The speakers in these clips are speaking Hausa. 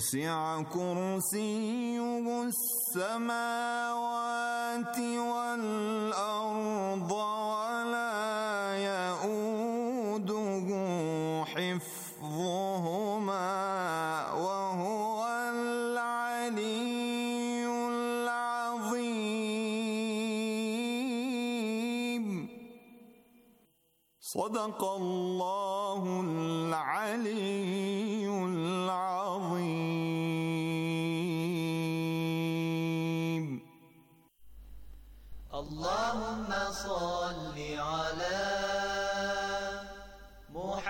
وسع كرسيه السماوات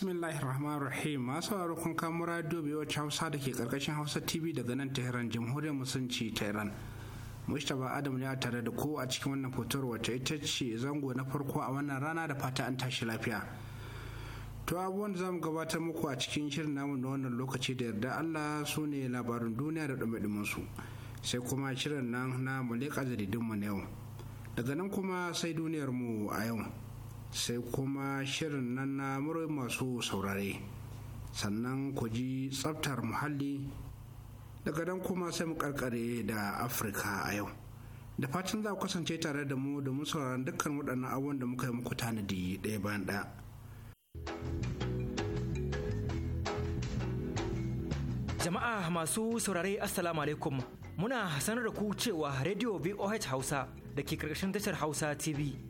bismillahir rahmanir rahim masu sauraro kun kamo radio bai wacce hausa da ke karkashin hausa tv daga nan tehran jamhuriyar musulunci ta mustapha adam ne a tare da ko a cikin wannan fotor wata ita ce zango na farko a wannan rana da fata an tashi lafiya to abubuwan da zamu gabatar muku a cikin shirin namu na wannan lokaci da yarda allah su ne labarin duniya da dumadumin su sai kuma shirin nan na mulika jaridun mu na yau daga nan kuma sai duniyar mu a yau sai kuma shirin nan na murai masu saurare sannan ku ji tsaftar muhalli daga nan kuma sai mu karkare da afirka a yau da fatan za ku kasance tare da mu domin sauraron dukkan waɗannan abubuwan da muka yi muku tanadi ɗaya bayan ɗaya Jama'a masu saurare Assalamu alaikum muna sanar da ku cewa Radio VOH Hausa da ke karkashin tashar Hausa TV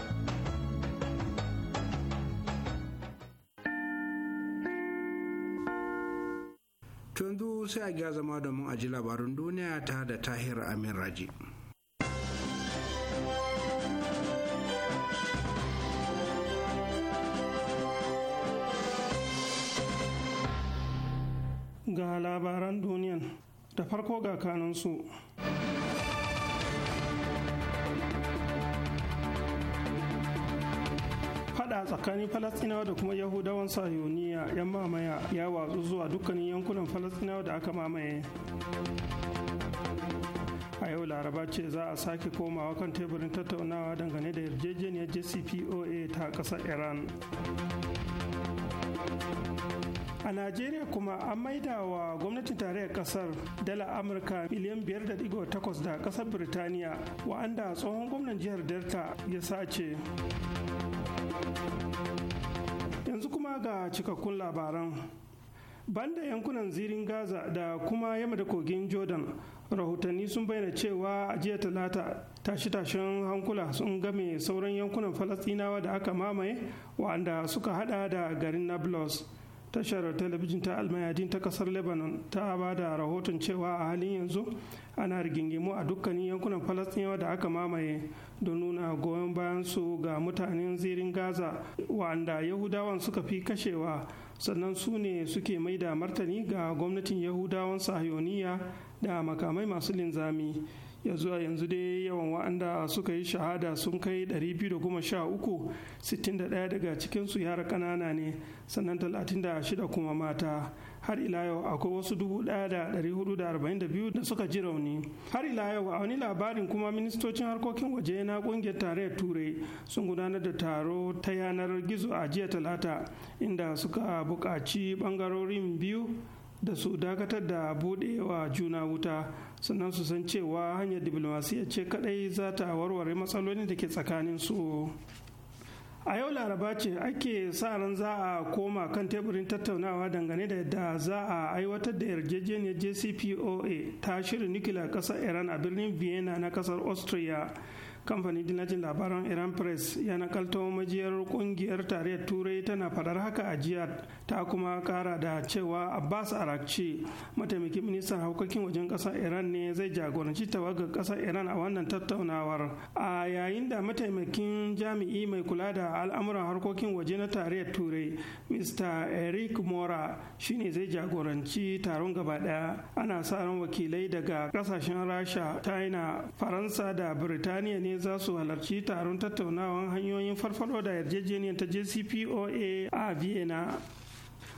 To yanzu sai a gya zama domin a ji labarin duniya ta da Tahir Amin Raji. Ga labaran duniyan da farko ga kanunsu. Hada tsakanin falastinawa da kuma yahudawan sayoniya yan mamaya ya watsu zuwa dukkanin yankunan falastinawa da aka mamaye a yau laraba ce za a sake komawa kan teburin tattaunawa dangane da yarjejeniyar jcpoa ta ƙasar iran a najeriya kuma an maida wa gwamnatin tarayyar kasar dala amurka miliyan 5.8 da kasar birtaniya wa'anda tsohon gwamnan jihar delta ya sace ga cikakkun labaran banda yankunan zirin gaza da kuma yamma da kogin jordan rahotanni sun bayyana cewa a jiya talata tashi-tashen hankula sun game sauran yankunan falasɗinawa da aka mamaye wa'anda suka hada da garin nablus tashar talabijin ta almayadin ta kasar lebanon ta ba da rahoton cewa a halin yanzu ana rigingimu a dukkanin yankunan falastinawa da aka mamaye don nuna goyon bayan su ga mutanen zirin gaza wa'anda yahudawan suka fi kashewa sannan su ne suke mai da martani ga gwamnatin yahudawan sahiyoniya da makamai masu linzami ya zuwa yanzu dai yawan wa'anda suka yi shahada sun kai 213 61 daga cikinsu yara ƙanana ne sannan 36 kuma mata har ila yau akwai wasu 1442 da suka ji rauni har ila yau a wani labarin kuma ministocin harkokin waje na kungiyar tarayyar turai sun gudanar da taro ta yanar gizo a jiya talata inda suka buƙaci ɓangarorin biyu da su dakatar da buɗewa juna wuta sannan su san cewa hanyar diplomasiya ce kadai za ta warware matsalolin da ke tsakanin su a yau laraba ce ake sa ran za a koma kan teburin tattaunawa dangane da yadda za a aiwatar da yarjejeniyar jcpoa ta shirin nukiliyar kasar iran a birnin vienna na kasar austria kamfanin dillacin labaran iran press ya nakalto majiyar kungiyar tarayyar turai tana faɗar haka a jiya ta kuma kara da cewa abbas arakci mataimakin ministan harkokin wajen kasar iran ne zai jagoranci tawagar kasar iran a wannan tattaunawar a yayin da mataimakin jami'i mai kula da al'amuran harkokin waje na tarayyar turai mr eric mora shine zai jagoranci taron gaba daya ana sa ran wakilai daga ƙasashen rasha china faransa da birtaniya ne ne za su halarci taron tattaunawan hanyoyin farfado da yarjejeniyar ta jcpoa a vienna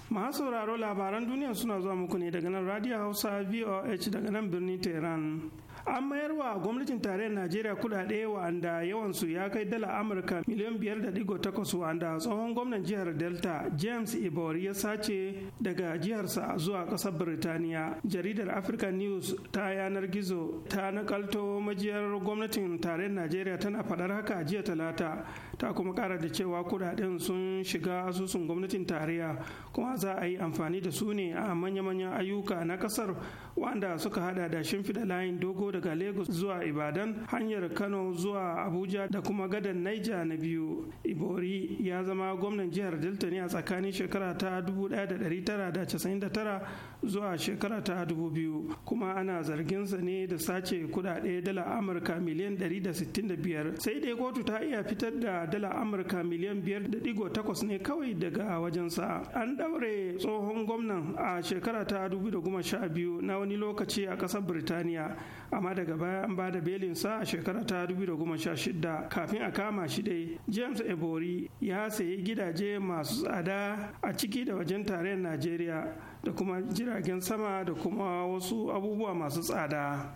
masu sauraro labaran duniya suna zuwa muku ne daga nan radio hausa voh daga nan birnin tehran an mayar wa gwamnatin tarayyar najeriya kudade wa'anda yawansu ya kai dala amurka miliyan biyar da digo takwas wa'anda tsohon gwamnan jihar delta james ibori ya sace daga jiharsa zuwa kasar birtaniya jaridar african news ta yanar gizo ta nakalto majiyar gwamnatin tarayyar najeriya tana faɗar haka jiya talata ta kuma kara da cewa kudaden sun shiga asusun gwamnatin tarayya kuma za a yi amfani da su ne a manya-manyan ayyuka na kasar wanda suka hada da shimfiɗa layin dogo daga lagos zuwa ibadan hanyar kano zuwa abuja da kuma gadan naija na biyu ibori ya zama gwamnan jihar delta ne a tsakanin shekara ta 1999 zuwa shekara ta 2000 kuma ana zarginsa ne da sace kudade dala amurka miliyan da da sittin biyar. sai dai kotu ta iya fitar da dala amurka miliyan biyar da takwas ne kawai daga wajen sa an daure tsohon gwamnan a shekara ta 2012 na wani lokaci a ƙasar birtaniya amma daga baya an ba da belinsa a shekara ta 2016 kafin a kama shi dai james ebori ya sayi gidaje masu tsada a ciki da wajen tarayyar najeriya da kuma jiragen sama da kuma wasu abubuwa masu tsada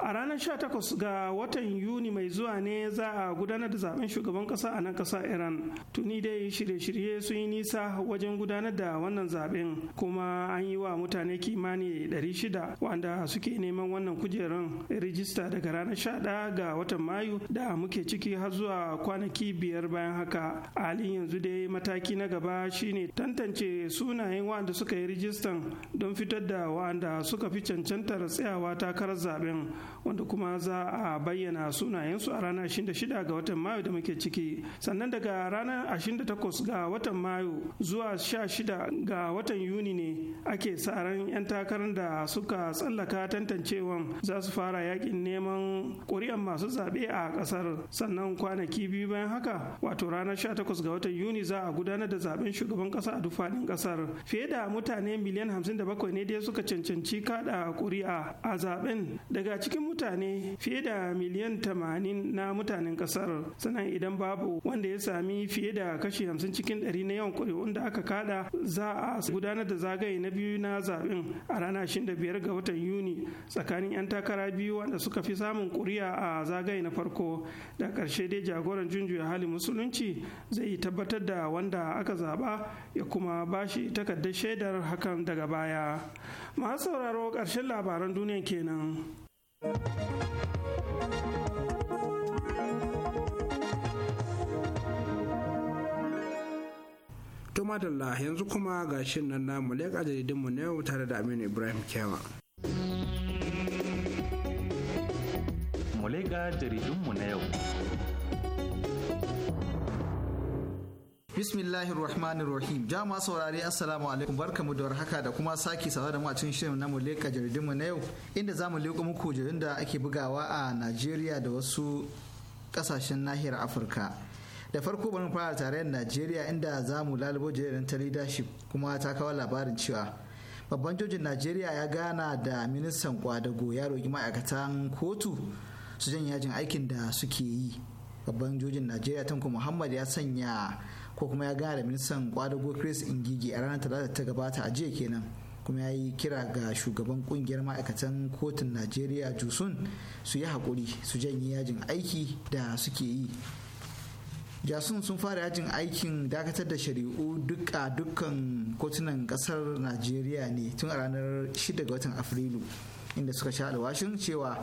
a ranar 18 ga watan yuni mai zuwa ne za a gudanar da zaben shugaban kasa a nan kasa iran tuni dai shirye-shirye sun yi nisa wajen gudanar da wannan zaben kuma an yi wa mutane kimani 600 wanda suke neman wannan kujerun rijista daga ranar 11 ga watan mayu da muke ciki har zuwa kwanaki biyar bayan haka halin yanzu dai mataki na gaba shine tantance sunayen wanda suka yi rijistan don fitar da wanda suka fi cancantar tsayawa takarar zaben wanda kuma za a bayyana sunayensu a ranar 26 ga watan mayu da muke ciki sannan daga ranar 28 ga watan mayu zuwa 16 ga watan yuni ne ake sa ran 'yan takarar da suka tsallaka tantancewan za su fara yakin neman ƙuri'an masu zaɓe a ƙasar sannan kwanaki biyu bayan haka wato ranar 18 ga watan yuni za a gudanar da zaɓen shugaban ƙasa a duk faɗin ƙasar fiye da mutane miliyan 57 ne dai suka cancanci kaɗa ƙuri'a a zaɓen daga cikin mutane fiye da miliyan tamanin na mutanen kasar sannan idan babu wanda ya sami fiye da kashi hamsin cikin ɗari na yawan ƙuri'un da aka kada za a gudanar da zagaye na biyu na zaɓen a ranar 25 ga watan yuni tsakanin 'yan takara biyu wanda suka fi samun ƙuri'a a zagaye na farko da ƙarshe dai jagoran junjuya halin musulunci zai tabbatar da wanda aka zaɓa ya kuma bashi takardar shaidar hakan daga baya masu sauraro ƙarshen labaran duniya kenan. To madalla yanzu kuma ga shin nan namu leƙa jaridunmu na yau tare da Aminu Ibrahim Kema. Mu leƙa jaridunmu na yau. bismillahir rahmanir rahim jama saurare assalamu alaikum barkamu da warhaka da kuma sake sawa da mu a cikin shirin namu leka jaridunmu na yau inda zamu mu leko muku jaridun da ake bugawa a najeriya da wasu kasashen nahiyar afirka da farko bari fara tare da najeriya inda za mu lalubo jaridar ta leadership kuma ta kawo labarin cewa babban jojin najeriya ya gana da ministan kwadago ya roki ma'aikatan kotu su janye yajin aikin da suke yi babban jojin najeriya tanko muhammad ya sanya ko kuma ya gane ministan kwadago chris ingigi a ranar talata ta gabata a jiya kenan kuma ya yi kira ga shugaban kungiyar ma'aikatan kotun najeriya jusun su yi haƙuri su janye yajin aiki da suke yi jasun sun fara yajin aikin dakatar da shari'u duka dukkan kotunan kasar najeriya ne tun a ranar 6 ga watan afrilu inda suka sha alwashin cewa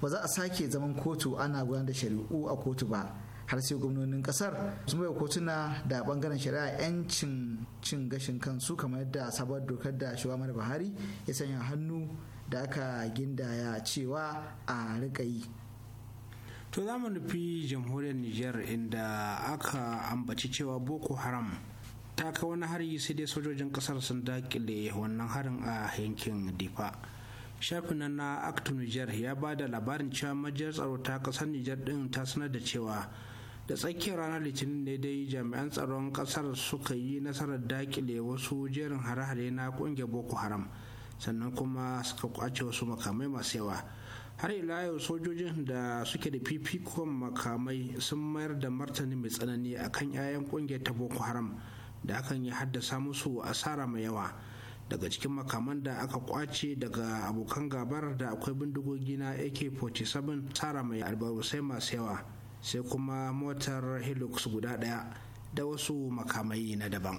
ba za a sake zaman kotu ana gudanar da shari'u a kotu ba har sai gwamnonin kasar sun bai kotuna da bangaren shari'a 'yancin cin gashin kansu kamar yadda sabuwar dokar da shugaban buhari ya sanya hannu da aka gindaya cewa a rika yi to za mu nufi jamhuriyar niger inda aka ambaci cewa boko haram ta kai wani hari sai dai sojojin kasar sun dakile wannan harin a yankin difa shafin na actu niger ya ba da labarin cewa majiyar tsaro ta kasar niger din ta sanar da cewa da tsakiyar ranar litinin ne dai jami'an tsaron kasar suka yi nasarar dakile wasu jerin hare-hare na kungiyar boko haram sannan kuma suka kwace wasu makamai masu yawa har ila yau sojojin da suke da fifikon makamai sun mayar da martani mai tsanani akan 'ya'yan kungiyar ta boko haram da hakan ya haddasa musu asara mai yawa daga cikin makaman da aka kwace daga abokan gabar da akwai bindigogi na ak-47 tsara mai albarusai masu yawa sai kuma motar hilux guda ɗaya da wasu makamai na daban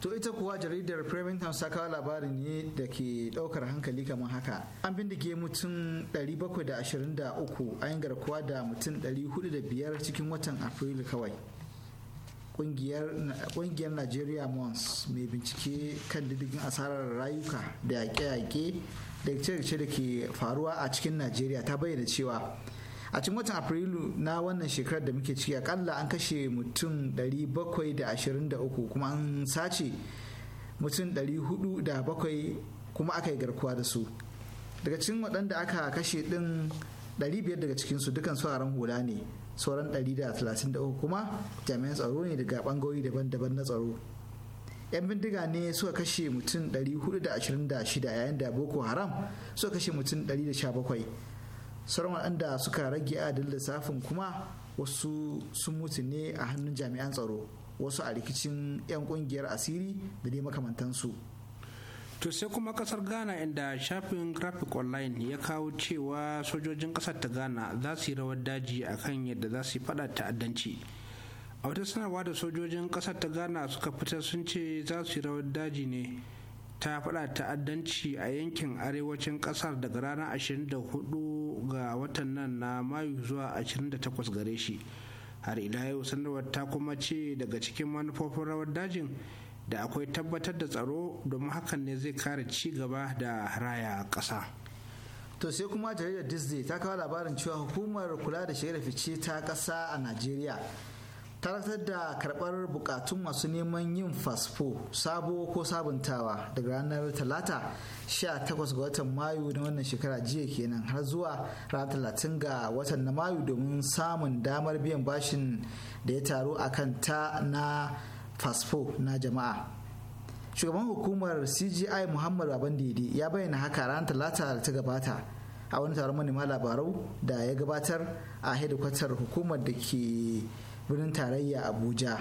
to ita kuwa jaridar Framingham saka labarin ne da ke daukar hankali kamar haka an bindige mutum 723 an garkuwa da mutum 405 cikin watan afrilu kawai kungiyar nigeria mons mai bincike kan diddigin asarar rayuka da yaƙe-yaƙe da ce da ke faruwa a cikin nigeria ta bayyana cewa a cikin watan afrilu na wannan shekarar da muke ciki akalla an kashe mutum 723 kuma an sace mutum 407 kuma aka yi garkuwa da su daga cikin waɗanda aka kashe ɗin 500 daga cikinsu dukan sauran hula ne sauran 133 kuma jami'an tsaro ne daga ɓangarori daban-daban na tsaro 'yan bindiga ne suka kashe mutum 426 yayin da boko haram suka kashe mutum sauran waɗanda suka rage adadin lissafin kuma wasu sun mutu ne a hannun jami'an tsaro wasu a rikicin 'yan kungiyar asiri da dai makamantansu to sai kuma kasar ghana inda shafin graphic online ya kawo cewa sojojin kasar ta ghana za su yi rawar daji a kan yadda za su yi fada ta'addanci a wata sanarwa da sojojin kasar ta ghana suka fitar sun ce za su yi rawar daji ne ta faɗa ta'addanci a yankin arewacin ƙasar daga ranar 24 ga watan nan na mayu zuwa 28 gare shi har ila yau sanarwar ta kuma ce daga cikin manufofin rawar dajin da akwai tabbatar da tsaro domin hakan ne zai kare ci gaba da raya ƙasa to sai kuma jaridar disney ta kawo labarin cewa hukumar kula da shirya fice ta ƙasa a najeriya taratar da karɓar bukatun masu neman yin fasfo sabo ko sabuntawa daga ranar talata 18 ga watan mayu na wannan shekara jiya kenan har zuwa ranar 30 ga watan na mayu domin samun damar biyan bashin da ya taru a kan ta na fasfo na jama'a shugaban hukumar cgi muhammad babandidi ya bayyana haka ranar talata da ta gabata a wani taron manema labarau da ya gabatar a hedikwatar hukumar da ke birnin tarayya abuja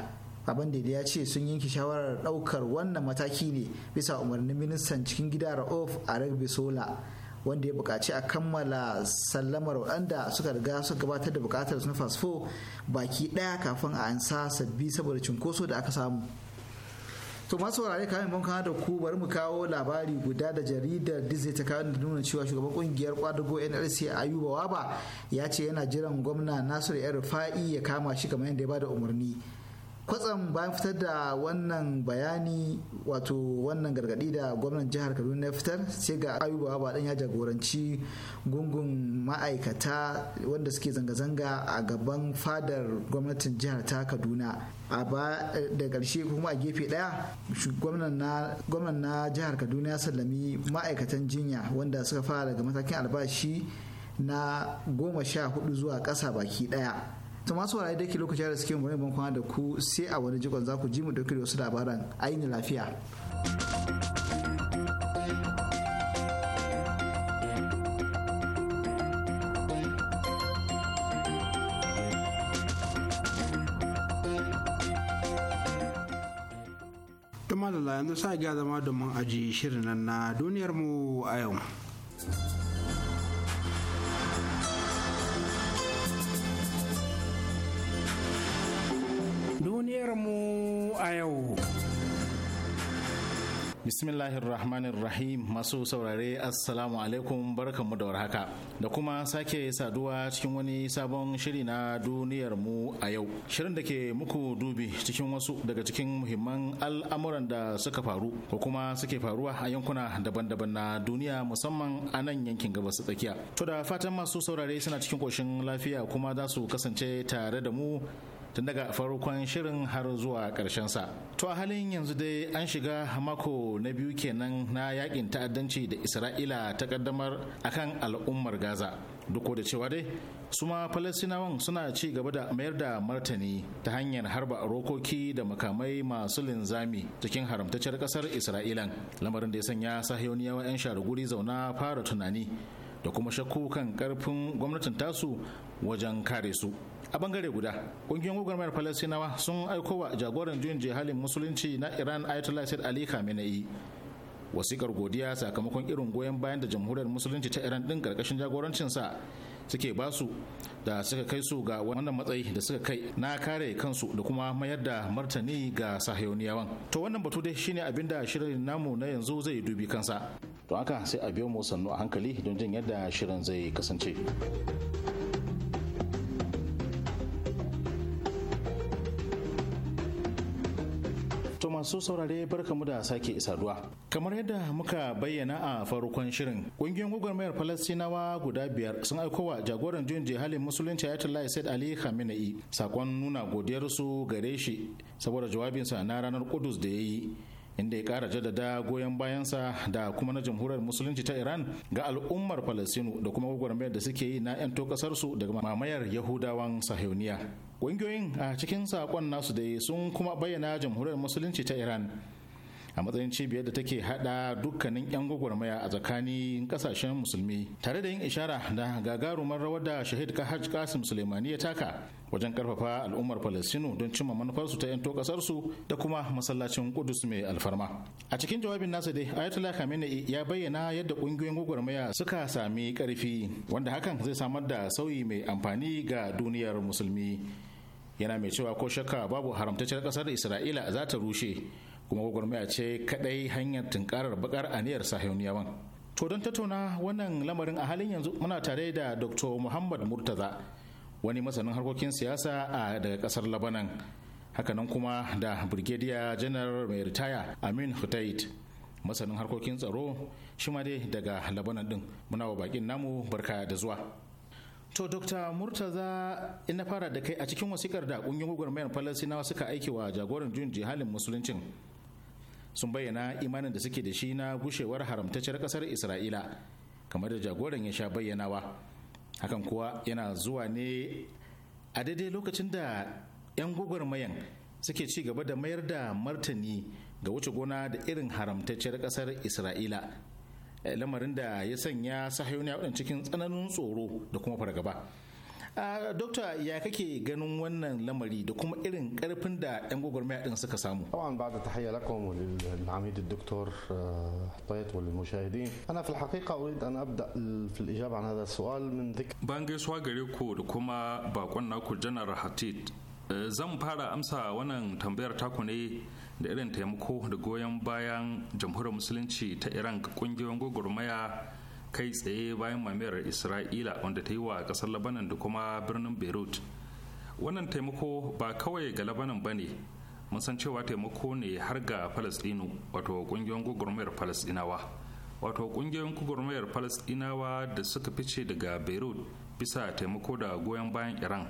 da ya ce sun yanke shawarar daukar wannan mataki ne bisa umarnin ministan cikin gida a rugby sola wanda ya bukaci a kammala sallamar waɗanda suka riga suka gabatar da bukatar su na fasfo baki ɗaya kafin a ansa sabbi saboda cunkoso da aka samu to masu saurare kamin mun da ku bari mu kawo labari guda da jaridar Disney ta kawo da nuna cewa shugaban kungiyar kwadago a Ayuba Waba ya ce yana jiran gwamna Nasiru Yar Fa'i ya kama shi kamar yadda ya bada umarni kwatsam bayan fitar da wannan bayani wato wannan gargadi da gwamnan jihar kaduna ya fitar sai ga ayuba ba dan ya jagoranci gungun ma'aikata wanda suke zanga-zanga a gaban fadar gwamnatin jihar ta kaduna a ba da ƙarshe kuma a gefe ɗaya gwamnan na jihar kaduna ya sallami ma'aikatan jinya wanda suka fara daga matakin albashi na goma sha hudu zuwa ƙasa baki ɗaya to masu wurare da ke lokaci da suke mu ban kwana da ku sai a wani jikon za ku ji mu dauke da wasu labaran ainihin lafiya Tumalala yanzu sa ga zama domin aji shirin nan na duniyarmu a yau. Bismillahir masu saurare Assalamu alaikum barkanmu da warhaka da kuma sake saduwa cikin wani sabon shiri na duniyar mu a yau. Shirin da ke muku dubi cikin wasu daga cikin muhimman al'amuran da suka faru ko kuma suke faruwa a yankuna daban-daban na duniya musamman a nan yankin gabas tsakiya. To da fatan masu saurare suna cikin koshin lafiya kuma za su kasance tare da mu tun daga farkon shirin har zuwa ƙarshen sa. To a halin yanzu dai an shiga mako na biyu kenan na yakin ta'addanci da Isra'ila ta kaddamar akan al'ummar Gaza. Duk da cewa dai su ma Falasinawan suna ci gaba da mayar da martani ta hanyar harba rokoki da makamai masu linzami cikin haramtacciyar ƙasar Isra'ilan. Lamarin da ya sanya sahiyoniyawa 'yan shara guri zauna fara tunani da kuma shakku kan karfin gwamnatin tasu wajen kare su a bangare guda kungiyoyin gwagwarmayar falasinawa sun aiko wa jagoran juyin jihalin musulunci na iran ayatollah said ali khamenei wasikar godiya sakamakon irin goyon bayan da jamhuriyar musulunci ta iran din karkashin jagorancinsa suke basu da suka kai su ga wannan matsayi da suka kai na kare kansu da kuma mayar da martani ga sahiyoniyawan to wannan batu dai shine abin da shirin namu na yanzu zai dubi kansa to haka sai a biyo mu sannu a hankali don jin yadda shirin zai kasance masu saurare mu da sake saduwa. Kamar yadda muka bayyana a farkon shirin, ƙungiyoyin gwagwarmayar Falastinawa guda biyar sun aiko wa jagoran juyin halin musulunci Ayatollah Said Ali Khamenei sakon nuna godiyarsu gare shi saboda jawabinsa na ranar Kudus da ya yi inda ya kara jaddada goyon bayansa da kuma na jamhuriyar musulunci ta iran ga al'ummar falasinu da kuma gwagwarmayar da suke yi na 'yan to daga mamayar yahudawan sahiyoniya ƙungiyoyin a cikin saƙon nasu da sun kuma bayyana jamhuriyar musulunci ta iran a matsayin cibiyar da take hada dukkanin 'yan gwagwarmaya a tsakanin kasashen musulmi tare da yin ishara da gagarumar rawar da shahid kahaj kasim suleimani ya taka wajen karfafa al'ummar palestino don cimma manufarsu ta 'yanto kasarsu da kuma masallacin kudus mai alfarma a cikin jawabin nasa dai ayatollah khamenei ya bayyana yadda kungiyoyin gwagwarmaya suka sami karfi wanda hakan zai samar da sauyi mai amfani ga duniyar musulmi yana mai cewa ko shakka babu haramtacciyar ƙasar isra'ila za ta rushe kuma gwagwarmaya ce kadai hanyar tunkarar bakar aniyar sahiyoniyawan to don tattauna wannan lamarin a halin yanzu muna tare da dr muhammad murtaza wani masanin harkokin siyasa a daga kasar labanan hakanan kuma da brigadier general mai ritaya amin hutait masanin harkokin tsaro shi ma dai daga labanan din muna wa bakin namu barka da zuwa to dr murtaza ina fara da kai a cikin wasikar da kungiyar gwagwarmayar falasinawa suka aiki wa jagoran juyin jihalin musuluncin sun bayyana imanin da suke da shi na gushewar haramtacciyar kasar isra'ila kamar da jagoran ya sha bayyanawa hakan kuwa yana zuwa ne a daidai lokacin da 'yan gwagwarmayan suke ci gaba da mayar da martani ga wuce gona da irin haramtacciyar kasar isra'ila eh, lamarin da ya sanya sahayoniya waɗanda cikin tsananin tsoro da kuma fargaba Dokta ya kake ganin wannan lamari da kuma irin karfin da 'yan gwagwarmaya din suka samu? طبعا بعد تحية لكم وللعميد الدكتور حطيت وللمشاهدين أنا في الحقيقة أريد أن أبدأ في الإجابة عن هذا sual min ذكر ban gaisuwa gare ku da kuma bakon naku janar hatid zan fara amsa wannan tambayar taku ne da irin taimako da goyon bayan jamhuriyar musulunci ta iran ga kungiyoyin gwagwarmaya kai tsaye bayan mamayar isra'ila wanda ta yi wa kasar labanan da kuma birnin beirut wannan taimako ba kawai ga labanan ba ne mun san cewa taimako ne har ga falastinu wato kungiyoyin gugurmayar falastinawa wato kungiyoyin gugurmayar falastinawa da suka fice daga beirut bisa taimako da goyon bayan iran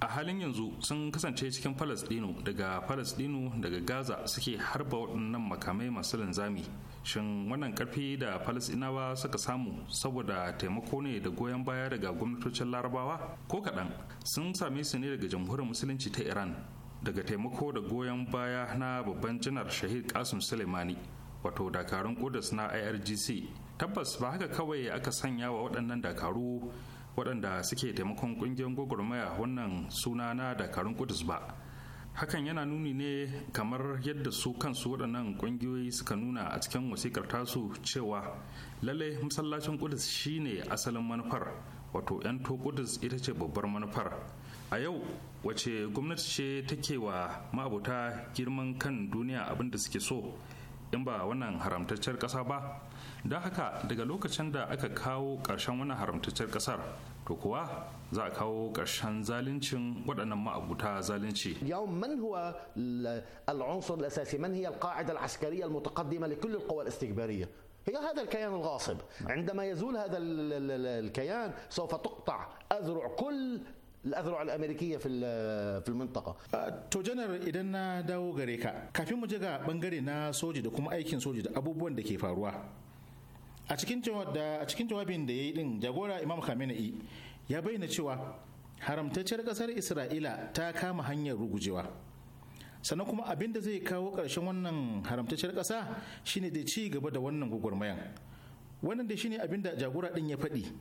a halin yanzu sun kasance cikin falastinu daga falastinu daga gaza suke harba waɗannan makamai masu linzami shin wannan karfi da falasinawa suka samu saboda taimako ne da goyon baya daga gwamnatocin larabawa ko kaɗan sun same su ne daga jamhuriyar musulunci ta iran daga taimako da goyon baya na babban janar shahid kasim suleimani wato dakarun kudus na irgc tabbas ba haka kawai aka sanya wa waɗannan dakaru waɗanda suke taimakon ƙungiyar gwagwarmaya wannan suna na dakarun kudus ba hakan yana nuni ne kamar yadda su kansu waɗannan ƙungiyoyi suka nuna a cikin wasikar tasu cewa lallai masallacin kudus shine asalin manufar wato 'yan to kudus ita ce babbar manufar a yau wace gwamnati ce take wa ma'abuta girman kan duniya abin da suke so in ba wannan haramtaccen ƙasa ba don haka daga lokacin da aka kawo ƙarshen wannan haramtaccen ƙasar to kuwa za a kawo ƙarshen zaluncin waɗannan ma'abuta zalunci. yau man huwa al'unsur lasasi man hiya al-qa'ida al-askariya al-mutaqaddima li kulli al-qawa al-istikbariya هي هذا الكيان الغاصب عندما يزول هذا الكيان سوف تقطع أذرع كل الأذرع الأمريكية في في المنطقة. آه، تو جنرال إذا داو غريكا كافي مجا بنغري نا سوجي دو كوم أيكين سوجي دو أبو بوند كيف a cikin da a cikin jawabin da ya yi din jagora Imam Khamenei ya bayyana cewa haramtacciyar kasar Isra'ila ta kama hanyar rugujewa sannan kuma abin da zai kawo ƙarshen wannan haramtacciyar ƙasa shine da ci gaba da wannan gwagwarmayan wannan da shine abin da jagora din ya faɗi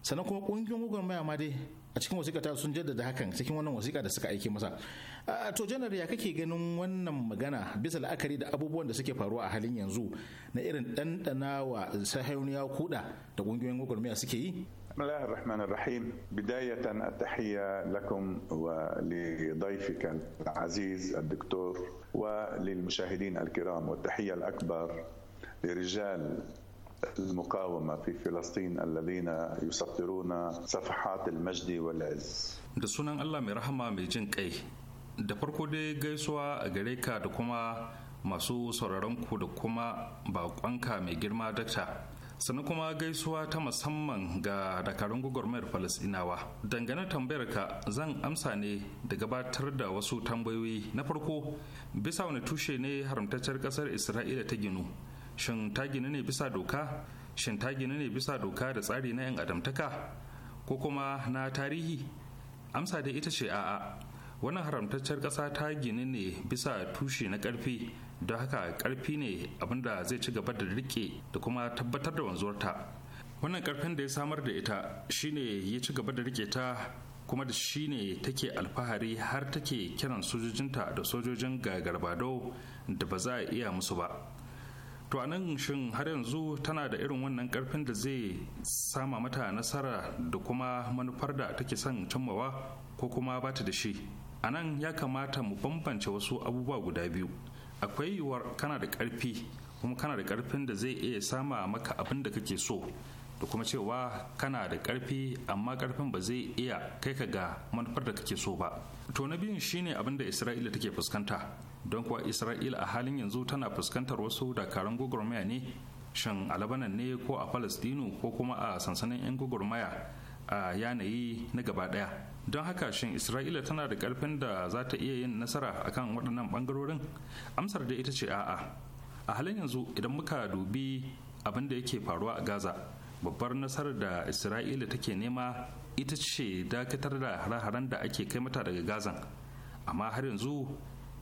sannan kuma ƙungiyar gwagwarmaya ma dai a cikin wasiƙa ta sun jaddada hakan cikin wannan wasiƙa da suka aike masa to janar ya kake ganin wannan magana bisa la'akari da abubuwan da suke faruwa a halin yanzu na irin ɗanɗana wa sahayuniya kuɗa da ƙungiyoyin gwagwarmaya suke yi بسم الله الرحمن الرحيم بداية التحية لكم ولضيفك العزيز الدكتور وللمشاهدين الكرام والتحية الأكبر لرجال المقاومة في فلسطين الذين يسطرون صفحات المجد والعز da sunan Allah mai rahama mai jin kai da farko dai gaisuwa a gare ka da kuma masu sauraron ku da kuma bakonka mai girma dakta sannan kuma gaisuwa ta musamman ga dakarun gwagwarmayar falasinawa dangane tambayar ka zan amsa ne da gabatar da wasu tambayoyi na farko bisa wani tushe ne haramtaccen kasar isra'ila ta ginu shin ta gina ne bisa doka shin ta gina ne bisa doka da tsari na 'yan adamtaka ko kuma na tarihi amsa da ita ce a'a wannan haramtaccen ƙasa ta gini ne bisa tushe na ƙarfi don haka ƙarfi ne abinda zai ci gaba da rike da kuma tabbatar da wanzuwarta wannan ƙarfin da ya samar da ita shine ya ci gaba da rike ta kuma da shi ne take alfahari har take kiran sojojinta da sojojin gagarbado da ba za a iya musu ba to a nan shin har yanzu tana da irin wannan karfin da zai sama mata nasara da kuma manufar da take son cimmawa ko kuma ba ta da shi a nan ya kamata mu bambance wasu abubuwa guda biyu akwai yiwuwar kana da karfi kuma kana da karfin da zai iya sama maka abin da kake so da kuma cewa kana da karfi amma karfin ba zai iya kai ka ga manufar da kake so ba to na biyun shine abin da isra'ila take fuskanta don kuwa isra'ila a halin yanzu tana fuskantar wasu dakarun gwagwarmaya ne shin a labanan ne ko a falastinu ko kuma a sansanin 'yan gwagwarmaya a yanayi na gaba daya don haka shin isra'ila tana da karfin da za ta iya yin nasara a kan waɗannan ɓangarorin amsar da ita ce a'a a halin yanzu idan muka dubi abin da yake faruwa a gaza babbar nasarar da isra'ila take nema ita ce dakatar da hare-haren da ake kai mata daga gazan amma har yanzu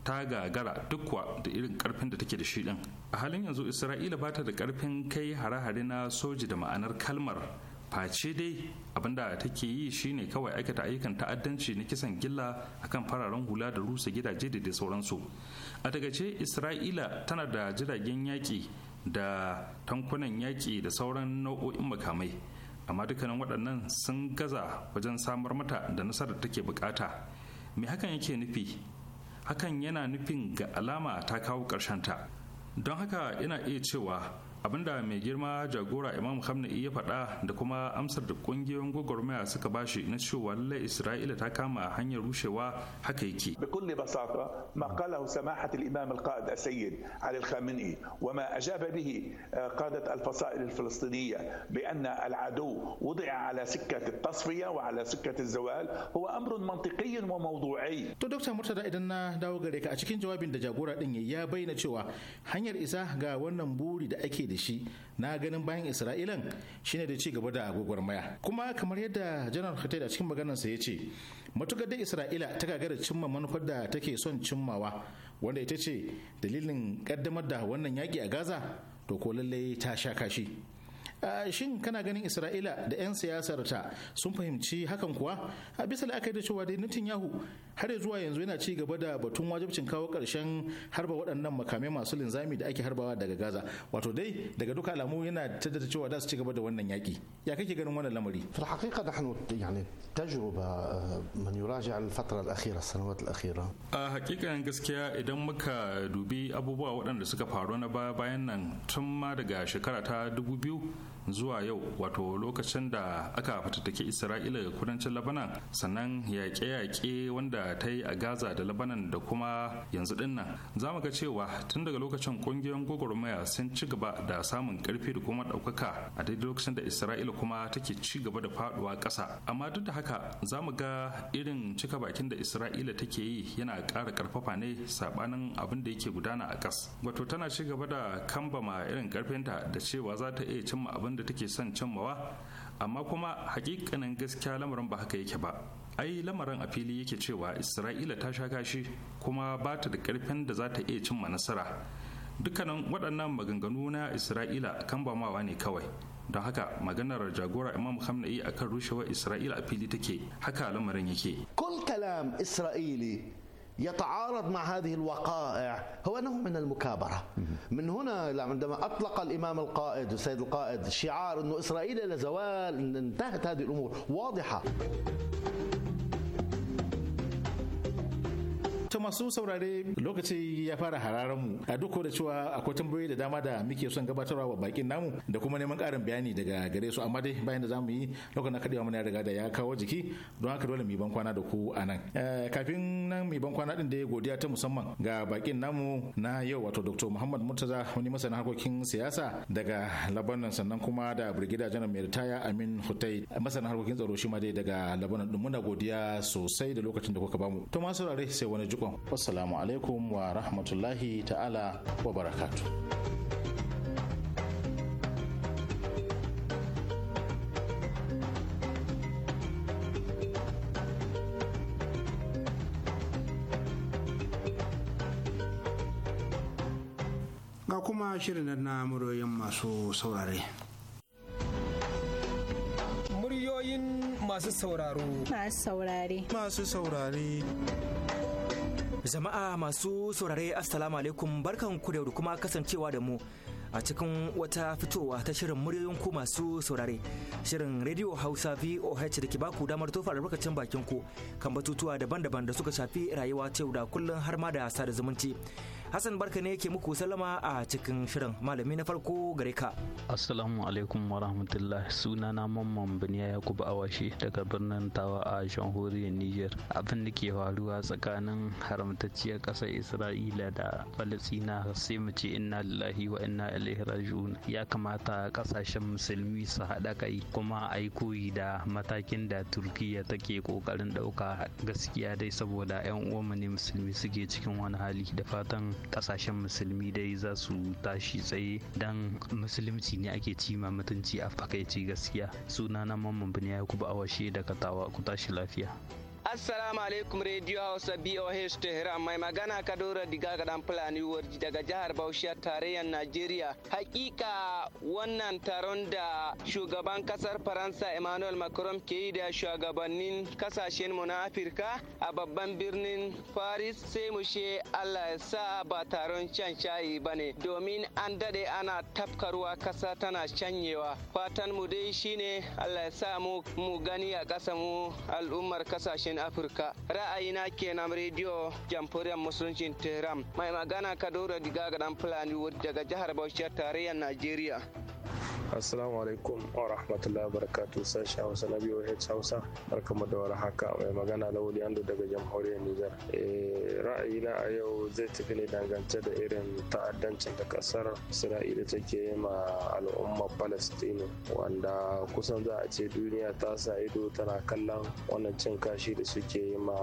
ta gagara duk kuwa da irin karfin da take da shi din a halin yanzu isra'ila ba ta da karfin kai hare-hare na soji da ma'anar kalmar face dai abinda take yi shine kawai aikata ayyukan ta'addanci na kisan gilla akan fararen hula da rusa gidaje da da sauransu a daga ce, isra'ila tana da jiragen yaƙi da tankunan yaƙi da sauran nau'o'in makamai amma dukkanin waɗannan sun gaza wajen samar mata da nasarar take bukata me hakan yake nufi hakan yana nufin ga alama ta kawo ta don haka yana iya cewa abinda mai girma jagora imam khamenei ya faɗa da kuma amsar da kungiyoyin gwagwarmaya suka bashi na cewa lallai isra'ila ta kama hanyar rushewa haka yake basata ma samahat al-imam al-qa'id as-sayyid ali بكل بساطة ما قاله سماحة الإمام القائد السيد علي الخامنئي وما أجاب به قادة الفصائل الفلسطينية بأن العدو وضع على سكة التصفية وعلى سكة الزوال هو أمر منطقي وموضوعي to dokta murtada idan na dawo gare ka a cikin jawabin da jagora din ya bayyana cewa hanyar isa ga wannan buri da ake da shi na ganin bayan isra'ilan shine da ci gaba da maya. kuma kamar yadda janar hatari a cikin maganarsa ya ce matukar da isra'ila ta gagara cimma manufar da take son cimmawa wanda ita ce dalilin kaddamar da wannan yaƙi a gaza to ko lallai ta sha kashi shin kana ganin isra'ila da 'yan siyasarta sun fahimci hakan kuwa a bisa la'akari da cewa dai yahu har zuwa yanzu yana ci gaba da batun wajibcin kawo karshen harba waɗannan makamai masu linzami da ake harbawa daga gaza wato dai daga duka alamu yana tattata cewa za su ci gaba da wannan yaƙi ya kake ganin wannan lamari في الحقيقة نحن يعني تجربة من يراجع الفترة الأخيرة السنوات الأخيرة a أن gaskiya idan muka dubi abubuwa waɗanda suka faru na baya bayan nan tun ma daga shekara ta 2000 zuwa yau wato lokacin da aka fatattake isra'ila da kudancin labanan sannan yaƙe-yaƙe wanda ta yi a gaza da labanan da kuma yanzu dinnan za mu ga cewa tun daga lokacin ƙungiyoyin gwagwarmaya sun ci gaba da samun ƙarfi da kuma ɗaukaka a daidai lokacin da isra'ila kuma take ci gaba da faɗuwa ƙasa amma duk da haka za mu ga irin cika bakin da isra'ila take yi yana ƙara ƙarfafa ne saɓanin abin da yake gudana a ƙas wato tana ci gaba da kambama irin ƙarfinta da cewa za ta iya cimma abin wanda take son cimmawa amma kuma hakikanin gaskiya lamarin ba haka yake ba ai lamarin a fili yake cewa isra'ila ta sha kashi kuma ba ta da karfin da za ta iya cimma nasara dukkanin waɗannan maganganu na isra'ila kan mawa ne kawai don haka maganar jagora imam hamna'i akan rushewar isra'ila a fili take haka lamarin yake kul kalam isra'ili يتعارض مع هذه الوقائع هو نوع من المكابرة من هنا عندما أطلق الإمام القائد السيد القائد شعار أنه إسرائيل إلى زوال انتهت هذه الأمور واضحة masu saurare lokaci ya fara hararan mu a duk da cewa akwai tambayoyi da dama da muke son gabatarwa wa bakin namu da kuma neman karin bayani daga gare su amma dai bayan da za mu yi lokacin na kadewa mun ya riga da ya kawo jiki don haka dole mu yi ban da ku a nan eh, kafin nan mu yi ban kwana din da godiya ta musamman ga bakin namu na yau wato Dr. Muhammad Murtaza wani masana harkokin siyasa daga Labanan sannan kuma da Brigadier General Mai Ritaya Amin Hutai masana harkokin tsaro shi ma dai daga Labanan din muna godiya sosai da lokacin da kuka bamu to masu saurare sai wani jikon wassalamu alaikum wa rahmatullahi ta'ala wa barakatu. ga kuma shirin na muryoyin masu saurare muryoyin masu sauraro. Masu saurare. Masu saurare. Jama'a masu saurare Assalamu alaikum barkan ku da kuma kasancewa da mu a cikin wata fitowa ta shirin muryoyin ku masu saurare. Shirin Radio Hausa VOH da ke baku damar tofa albarkacin bakin ku kan batutuwa daban-daban da suka shafi rayuwa ta yau da kullum har ma da sada zumunci. Hassan barka ne yake muku salama a cikin shirin malami na farko gare ka. Assalamu alaikum wa rahmatullah sunana mamman biniya Yakubu Awashi daga birnin Tawa a jamhuriyar Niger. Abin da ke faruwa tsakanin haramtacciyar ƙasar Isra'ila da Falasina sai mu ce inna lillahi wa inna ilaihi raji'un. Ya kamata ƙasashen musulmi su haɗa kai kuma a yi da matakin da Turkiyya take ƙoƙarin ɗauka gaskiya dai saboda 'yan uwanmu ne musulmi suke cikin wani hali da fatan kasashen musulmi dai za su tashi tsaye don musulunci ne ake ma mutunci a fakaici gaskiya suna na mamman bin ya kuba awashe daga tawa ku tashi lafiya Assalamu alaikum Radio Hausa BOH Tehran mai magana Kadora Diga ga dan Fulani Warji daga jihar Bauchi tarayyar Najeriya. Hakika wannan taron da shugaban kasar Faransa Emmanuel Macron ke yi da shugabannin kasashen mu na Afirka a babban birnin Paris sai mu she Allah ya sa ba taron can shayi ba ne domin an dade ana tafkarwa kasa tana canyewa. Fatan mu dai shine Allah ya sa mu gani a kasa mu al'ummar kasashen yammacin afirka ra'ayina kenan rediyo jamhuriyar musuluncin tehran mai magana kadoro diga ga dan fulani daga jihar bauchi tarayyar najeriya assalamu alaikum wa rahmatullahi wa barakatuh sashi hausa na biyu hausa barkamu da war haka mai magana Wuli ando daga jamhuriyar nijar eh, ra'ayina a yau zai tafi ne dangance da irin ta'addancin da kasar isra'ila take yi ma al'ummar palestine wanda kusan za a ce duniya ta sa ido tana kallon wannan cin kashi da suke yi ma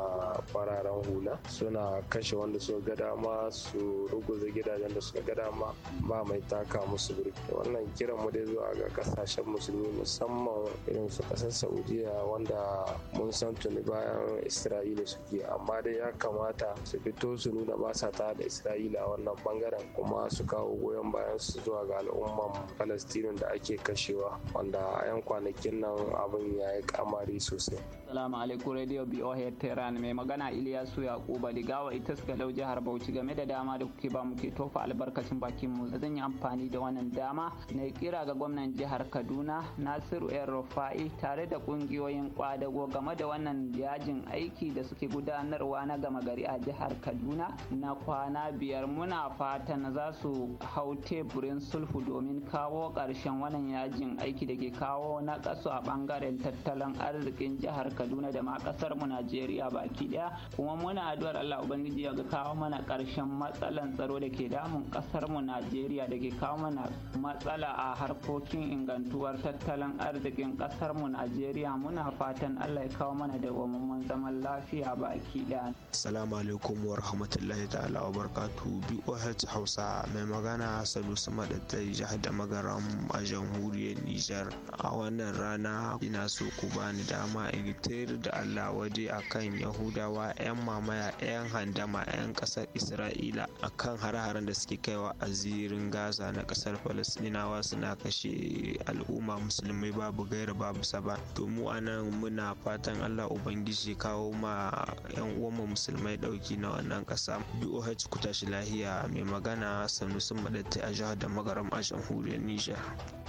fararen hula suna kashe wanda suka ga dama su ruguza gidajen da suka ga dama ba mai taka musu birki wannan kiran mu dai zuwa ga kasashen musulmi musamman irin su kasar saudiya wanda mun san tuni bayan isra'ila suke amma dai ya kamata su fito su nuna ba sa ta da isra'ila wannan bangaren kuma su kawo goyon bayan su zuwa ga al'umman palestinian da ake kashewa wanda a yan kwanakin nan abin ya yi kamari sosai Assalamu alaikum Radio BOH Tehran mai magana Ilyasu Yakuba Rigawa, ita suka lau jihar Bauchi game da dama da kuke ba muke tofa albarkacin bakin mu zan yi amfani da wannan dama na kira ga gwamnan jihar Kaduna Nasiru El Rufa'i tare da kungiyoyin kwadago game da wannan yajin aiki da suke gudanarwa na gama gari a jihar Kaduna na kwana biyar muna fatan za su hau teburin sulhu domin kawo ƙarshen wannan yajin aiki da ke kawo na kasu a bangaren tattalin arzikin jihar Kaduna da ma kasar mu Najeriya baki daya kuma muna addu'ar Allah ubangiji ya kawo mana karshen matsalan tsaro da ke damun kasar mu Najeriya da ke kawo mana matsala a harkokin ingantuwar tattalin arzikin kasar mu Najeriya muna fatan Allah ya kawo mana dawwammamin zaman lafiya baki daya Assalamu alaikum wa rahmatullahi ta'ala wa barakatuh BOH Hausa mai magana Sanusi Madatai jihar da magaram a jamhuriyar Nijar a wannan rana ina so ku bani dama in tir da Allah waje a kan Yahudawa 'yan mamaya 'yan handama 'yan ƙasar Isra'ila a kan hare haren da suke kaiwa a zirin Gaza na ƙasar Falasɗinawa suna kashe al'umma musulmai babu gaira babu saba. To mu a nan muna fatan Allah Ubangiji kawo ma 'yan uwanmu musulmai ɗauki na wannan ƙasa. doh ku tashi lahiya mai magana Sanusi Madatta a jihar da magaram a jamhuriyar Nijar.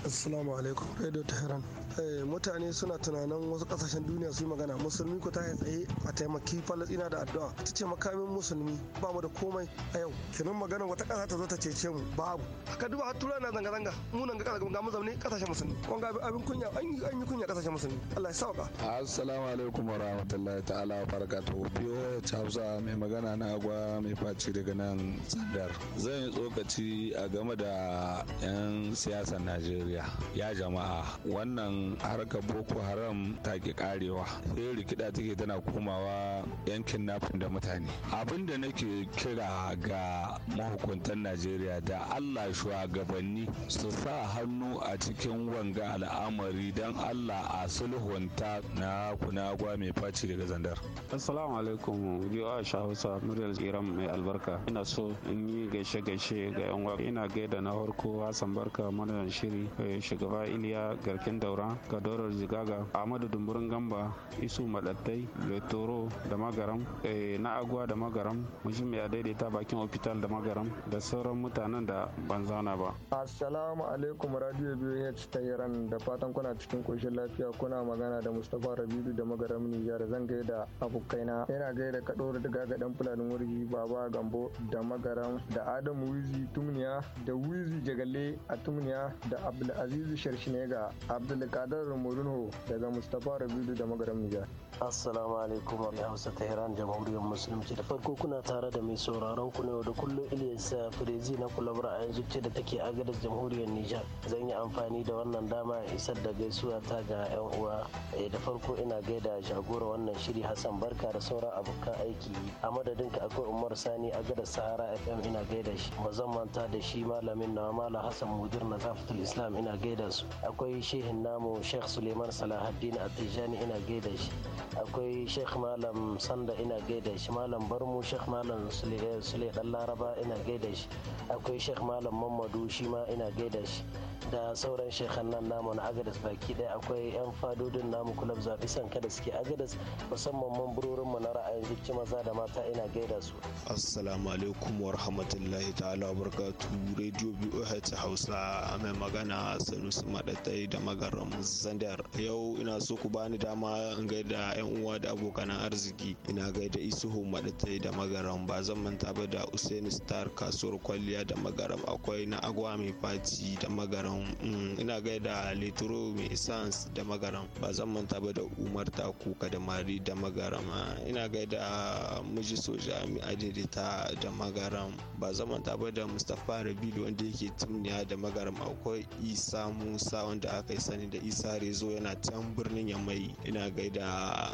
assalamu alaikum radio tehran eh, mutane suna tunanin wasu kasashen duniya su yi magana musulmi ko ta yi tsaye a taimaki falastina da addu'a ta ce makamin musulmi ba mu da komai a yau kenan magana wata kasa ta zo ta cece mu babu ka duba har tura na zanga zanga mu nan ga kasa ga mu zaune kasashen musulmi kun ga abin kunya an yi an yi kunya kasashen musulmi Allah ya sauka assalamu alaikum wa rahmatullahi ta'ala wa barakatuhu biyo Hausa mai magana na agwa mai faci daga nan Sandar zan yi tsokaci a game da yan siyasar Najeriya najeriya ya jama'a wannan harkar boko haram ta ke karewa sai rikida take tana komawa yankin nafin da mutane abin da nake kira ga mahukuntan najeriya da allah shugabanni su sa hannu a cikin wanga al'amari don allah a sulhunta na kunagwa mai faci daga zandar assalamu alaikum biyu sha hausa muryar iran mai albarka ina so in yi gaishe gaishe ga yan ina gaida na farko hassan barka manajan shiri Eh, shugaba iliya garkin daura gadorar zigaga amadu dumburin gamba isu madattai letoro da magaram eh, na agwa da magaram mutum ya daidaita bakin ofital da magaram da sauran mutanen da ban zana ba assalamu alaikum radio biyu ci tayaran da fatan kuna cikin koshin lafiya kuna magana da mustapha rabidu da magaram nijar zan gaida abokaina yana gaida kadoro da gagadan fulanin wurgi baba gambo da magaram da adamu wizi tumniya da wizi jagale a tumniya da abu. Abdulaziz Sharshinega, Abdulkadir Mourinho daga Mustapha Rabidu da Magaram Nijar. Assalamu alaikum wa Hausa Tehran Jamhuriyar Musulunci da farko kuna tare da mai sauraron ku ne da kullum Ilyas Firezi na kulabar a yanzu ce da take agadar Jamhuriyar Nijar. Zan yi amfani da wannan dama isar da gaisuwa ta ga 'yan uwa. Eh, da farko ina gaida jagora wannan shiri Hassan Barka da sauran abokan aiki. A madadinka akwai Umar Sani a gadar Sahara FM ina gaida shi. Ba da shi malamin na Malam Hassan Mudir na Zafatul Islam ina gaida su akwai shehin namu sheikh suleiman salahaddin attijani ina gaida shi akwai sheikh malam sanda ina gaida shi malam barmu sheikh malam sule dan laraba ina gaida shi akwai sheikh malam mamadu shi ma ina gaida shi da sauran shekhan nan namu na agadas baki daya akwai yan fadodin namu kulab zaɓi sanka da suke agadas musamman mamburorin mu na ra'ayin jikci maza da mata ina gaida su assalamu alaikum wa ta'ala wa barakatuh radio hausa mai magana na madatai da magaram zandar yau ina so ku bani dama in gaida yan uwa da abokan arziki ina gaida isuhu madatai da magaram ba zan manta ba da usain star kasuwar kwalliya da magaram akwai na agwa mai faci da magaram mm, ina gaida lituro mai essence da magaram ba zan manta ba da umar takuka da mari da magaram ah, ina gaida miji soja mai adirita da magaram ba zan manta ba da mustapha rabilu wanda yake tumniya da magaram akwai isa musa wanda aka yi sani da isa rezo yana can birnin yamai ina gaida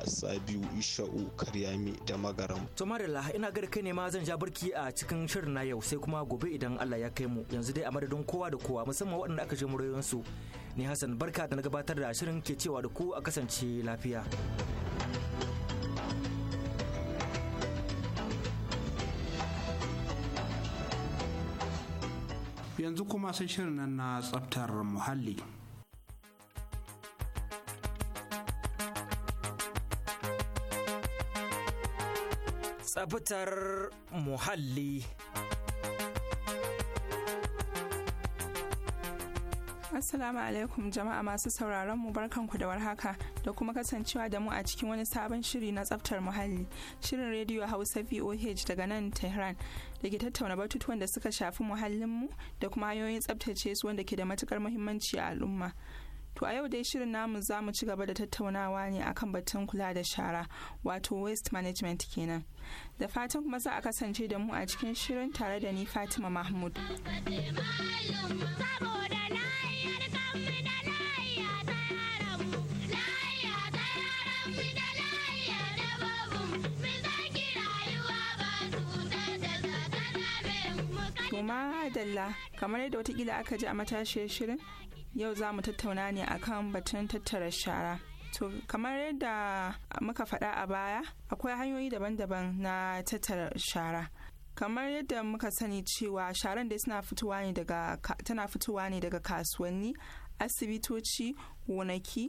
sabiu isha'u karyami da magaram to marilla ina gaida kai ne ma zan ja barki a cikin shirin na yau sai kuma gobe idan allah ya kai mu yanzu dai a madadin kowa da kowa musamman waɗanda aka je su ne hassan barka da na gabatar da shirin ke cewa da ku a kasance lafiya yanzu kuma sai shirin nan na tsaftar muhalli tsaftar muhalli Assalamu alaikum jama'a masu sauraron mu barkanku da warhaka da kuma kasancewa da mu a cikin wani sabon shiri na tsaftar muhalli. Shirin rediyo Hausa VOH daga nan Tehran da ke tattauna batutuwan da suka shafi muhallinmu da kuma hanyoyin tsaftace su wanda ke da matukar muhimmanci a al'umma. To a yau dai shirin namu za mu ci gaba da tattaunawa ne akan batun kula da shara wato waste management kenan. Da fatan kuma za a kasance da mu a cikin shirin tare da ni Fatima Mahmud. To ma dalla kamar yadda watakila aka ji a matashiyar shirin yau za mu tattauna ne akan batun tattara shara. To kamar yadda muka faɗa a baya akwai hanyoyi daban-daban na tattara shara. kamar yadda muka sani cewa sharan da suna fitowa ne daga tana fitowa ne daga kasuwanni asibitoci gonaki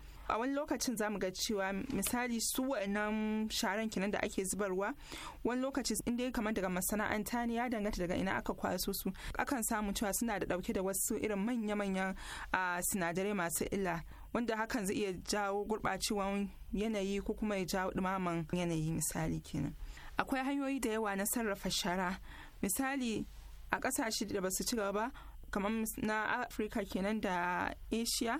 a wani lokacin zamu ga cewa misali su wa'annan sharan kenan da ake zubarwa wani lokacin in dai kamar daga masana'anta ne ya danganta daga ina aka kwaso su akan samu cewa suna da dauke da wasu irin manya-manyan sinadarai masu illa wanda hakan zai iya jawo gurɓacewan yanayi ko kuma ya jawo ɗumaman yanayi misali kenan akwai hanyoyi da yawa na sarrafa shara misali a kasashe da basu ci gaba kamar na afirka kenan da asia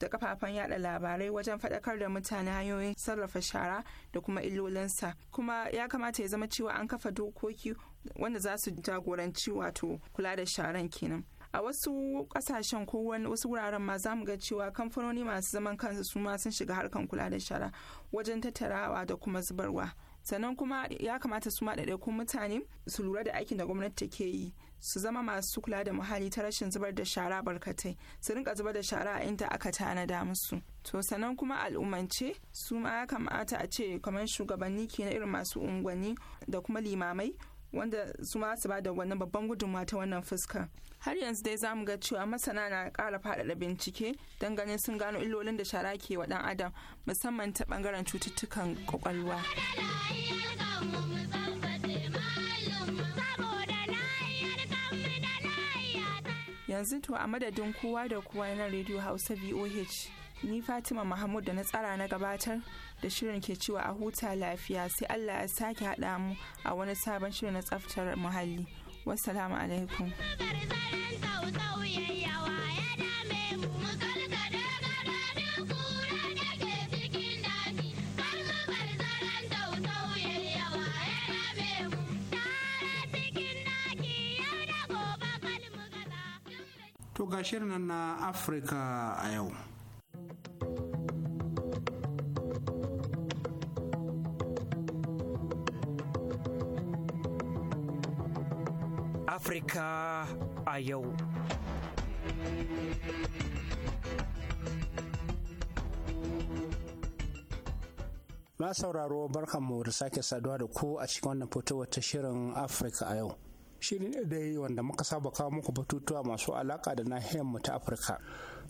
da kafafen yada labarai wajen faɗakar da mutane hanyoyin sarrafa shara da kuma illolinsa kuma ya kamata ya zama cewa an kafa dokoki wanda za su jagoranci wato kula da sharan kenan a wasu kasashen ko wasu wuraren ma za mu ga cewa kamfanoni masu zaman kansu su ma sun shiga harkan kula da shara wajen tattarawa da kuma zubarwa sannan kuma ya kamata su kun mutane su lura da aikin da gwamnati take yi su zama masu kula da muhalli ta rashin zubar da shara barkatai su rinka zubar da shara a inda aka tanada musu to sannan kuma al'ummance su ma ya kamata a ce kamar shugabanni ke na irin masu unguwanni da kuma limamai wanda su ma su da wannan babban gudunmawa ta wannan fuska har yanzu dai zamu ga cewa masana na kara faɗaɗa bincike don ganin sun gano illolin da shara ke wa ɗan adam musamman ta ɓangaren cututtukan kwakwalwa. yanzu to a madadin kowa da kowa na rediyo hausa voh ni fatima mahmud da na tsara na gabatar da shirin ke cewa a huta lafiya sai allah ya sake haɗa mu a wani sabon shirin na tsaftar muhalli wassalamu alaikum To ga shirin na Afirka a yau. Afirka a yau. na sauraro barkanmu da sake saduwa da ku a cikin wannan foto ta shirin Afirka a yau. Shirin ne dai wanda muka saba kawo muku batutuwa masu alaka da nahiyar mu ta Afirka.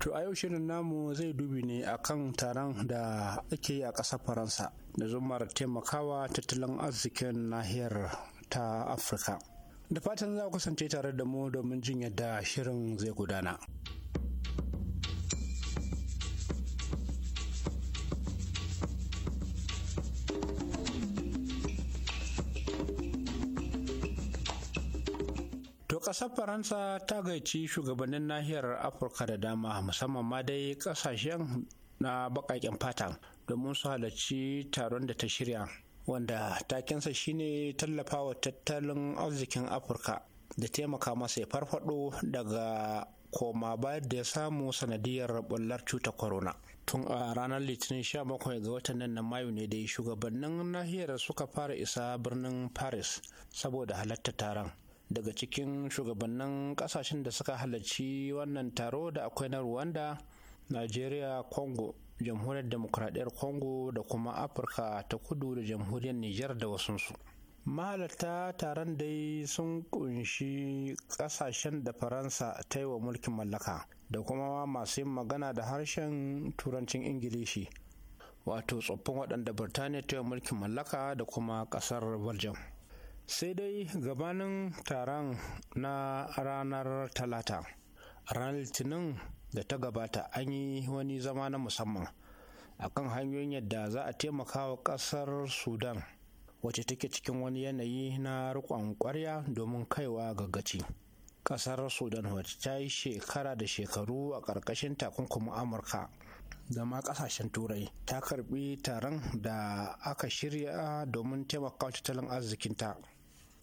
To a yau shirin namu zai dubi ne akan taron da ake yi a ƙasar Faransa da zumar taimakawa tattalin arzikin nahiyar ta Afirka. da fatan za ku kasance tare da mu domin jin yadda shirin zai gudana. To ƙasar Faransa ta gaici shugabannin nahiyar Afirka da dama musamman ma dai ƙasashen na baƙaƙen fata domin su halarci taron da ta shirya. wanda takinsa shine tallafawa tattalin arzikin afirka da taimaka masa ya farfado daga koma bayan da ya samu sanadiyar bullar cuta corona tun a ranar litinin 17 ga watan nan na mayu ne da shugabannin nahiyar suka fara isa birnin paris saboda halarta taron daga cikin shugabannin kasashen da suka halarci wannan taro da akwai na rwanda nigeria congo jamhuriyar demokuraɗiyar congo da kuma afirka ta kudu da jamhuriyar nijar da wasunsu mahalarta taron dai sun kunshi ƙasashen da faransa ta yi wa mulkin mallaka da kuma masu yin magana da harshen turancin ingilishi wato tsoffin waɗanda birtaniya ta yi wa mulkin mallaka da kuma ƙasar belgium sai dai gabanin taron na ranar talata ranar litinin da ta gabata an yi wani zama na musamman A kan hanyoyin yadda za a taimaka wa ƙasar sudan wacce take cikin wani yanayi na riƙon ƙwarya domin kaiwa gaggaci ƙasar sudan wacce ta yi shekara da shekaru a ƙarƙashin takunkumin amurka da ƙasashen turai ta karbi taron da aka shirya domin taimaka tattalin arzikinta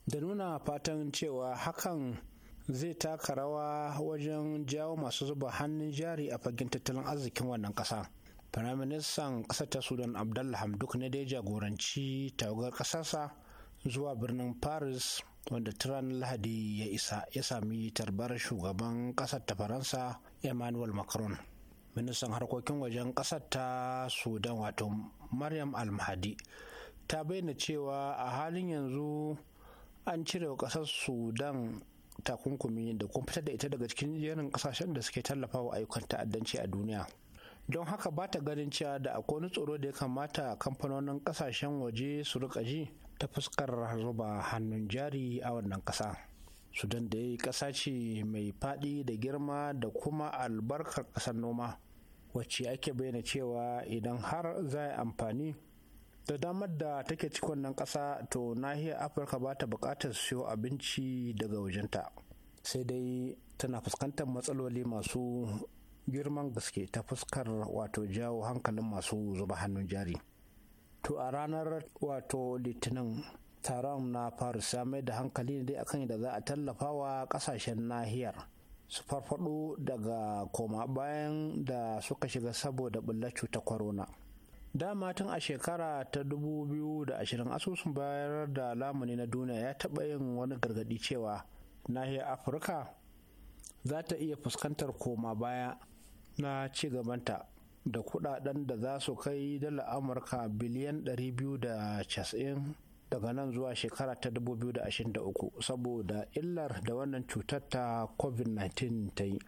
da nuna fatan cewa hakan zai taka rawa wajen jawo masu zuba hannun jari a fagen tattalin arzikin wannan ƙasa. Firaministan ƙasar ta Sudan Abdullah Hamduk ne dai jagoranci tawagar ƙasarsa zuwa birnin Paris wanda tiran Lahadi ya isa ya sami tarbar shugaban ƙasar ta Faransa Emmanuel Macron. Ministan harkokin wajen ƙasar ta Sudan wato Maryam Almahadi ta bayyana cewa a halin yanzu an cire wa ƙasar Sudan takunkumi da kuma fitar da ita daga cikin jerin kasashen da suke tallafawa ayyukan ta'addanci a duniya don haka ba ta ganin cewa da akwai wani tsoro da ya kamata kamfanonin kasashen waje su rika ji ta fuskar zuba hannun jari a wannan kasa sudan da ya yi kasa ce mai fadi da girma da kuma albarkar ƙasar noma wacce ake bayyana cewa idan har za a amfani da damar da take cikin nan kasa, to nahiyar afirka ba ta buƙatar siyo abinci daga wajenta sai dai tana fuskantar matsaloli masu girman gaske ta fuskar wato jawo hankalin masu zuba hannun jari to a ranar wato litinin taron na paris ya mai da hankali ne dai akan da za a tallafa wa kasashen nahiyar su farfado daga koma bayan da suka shiga saboda bulla cutar corona dama tun a shekara ta 2020 asusun bayar da lamuni na duniya ya taɓa yin wani gargaɗi cewa nahiyar afirka za ta iya fuskantar koma baya na ci gabanta da kudaden da za su kai dala amurka biliyan 290 daga nan zuwa shekara ta 2023 saboda illar da wannan cutar ta covid-19 ta yi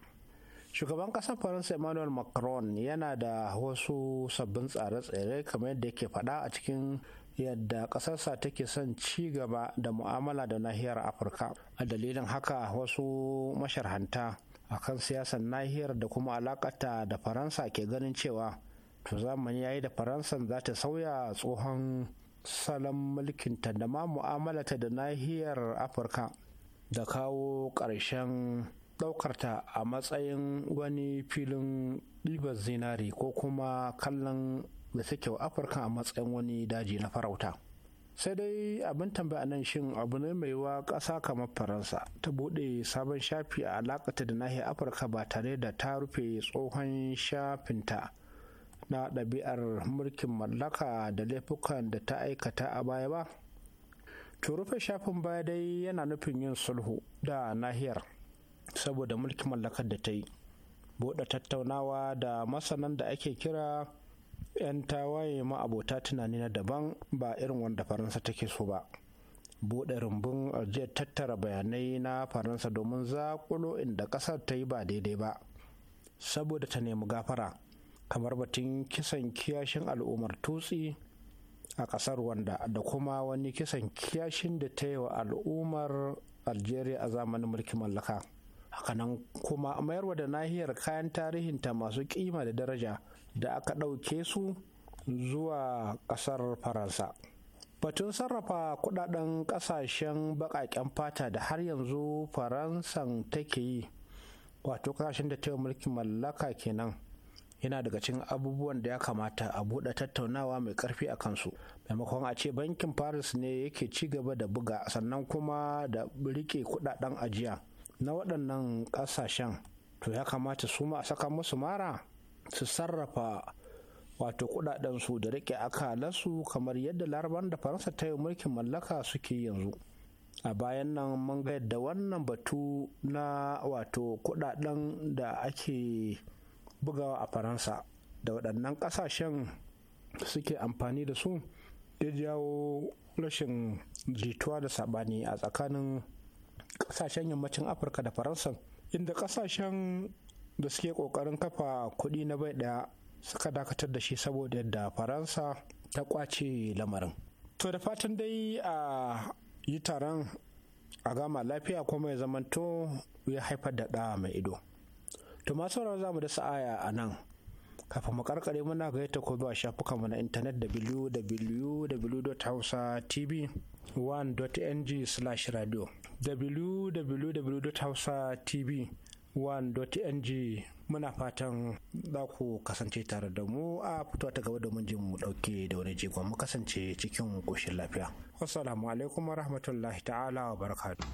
shugaban ƙasar faransa emmanuel macron yana da wasu sabbin tsare-tsare kamar yadda ke faɗa a cikin yadda ƙasarsa take son ci gaba da mu'amala da nahiyar afirka a dalilin haka wasu masharhanta a kan siyasar nahiyar da kuma alakata da faransa ke ganin cewa to zamani yayi da faransa za ta sauya tsohon salon mulkinta da ma mu'amalata da nahiyar afirka da kawo ƙarshen ɗaukarta a matsayin wani filin ɗibar zinari ko kuma kallon da suke afirka a matsayin wani daji na farauta sai dai abin tambaya nan shin abu ne mai wa ƙasa kamar faransa ta buɗe sabon shafi a alakata da nahiyar afirka ba tare da ta rufe tsohon shafinta na ɗabi'ar mulkin mallaka da laifukan da ta aikata a baya ba to rufe shafin baya dai yana nufin yin sulhu da nahiyar saboda mulkin mallakar da ta yi bude tattaunawa da masanan da ake kira 'yan tawaye ma'abota tunani na daban ba irin wanda faransa take so ba bude rumbun ajiyar tattara bayanai na faransa domin zaƙulo inda kasar ta yi ba daidai ba saboda ta nemi gafara kamar batun kisan kiyashin al'ummar tutsi a kasar wanda da kuma wani kisan kiyashin da ta yi wa al'ummar algeria a zamanin mulkin mallaka hakanan kuma mayarwa da nahiyar kayan tarihinta masu kima da daraja da aka ɗauke su zuwa ƙasar faransa batun sarrafa kudaden ƙasashen baƙaƙen fata da har yanzu faransan take yi wato ƙasashen da ta mulkin mallaka kenan yana daga cikin abubuwan da ya kamata a buɗe tattaunawa mai ƙarfi a kansu maimakon a ce bankin paris ne yake ci gaba da buga sannan kuma da rike kudaden ajiya na waɗannan ƙasashen to ya kamata su ma a saka musu mara su sarrafa wato su da rike akalansu kamar yadda laraban da faransa ta yi mulkin mallaka suke yanzu a bayan nan mun ga yadda wannan batu na wato kudaden da ake bugawa a faransa da waɗannan ƙasashen suke amfani da su ya jawo rashin jituwa da saɓani a tsakanin kasashen yammacin afirka da faransa inda kasashen da suke kokarin kafa kuɗi na bai ɗaya suka dakatar da shi saboda yadda faransa ta kwace lamarin to da fatan dai a yi taron a gama lafiya kuma ya zamanto ya haifar da ɗa mai ido to masu za mu da sa'aya a nan kafin mu karkare muna ga yadda ko zuwa shafukanmu na intanet www.hausatv 1.ng slash radio www.hausatv 1.ng muna fatan za ku kasance tare da mu a fitowa ta gaba domin jin mu dauke da wani jigon mu kasance cikin koshin lafiya. Assalamu alaikum wa rahmatullahi ta'ala wa barakatuh.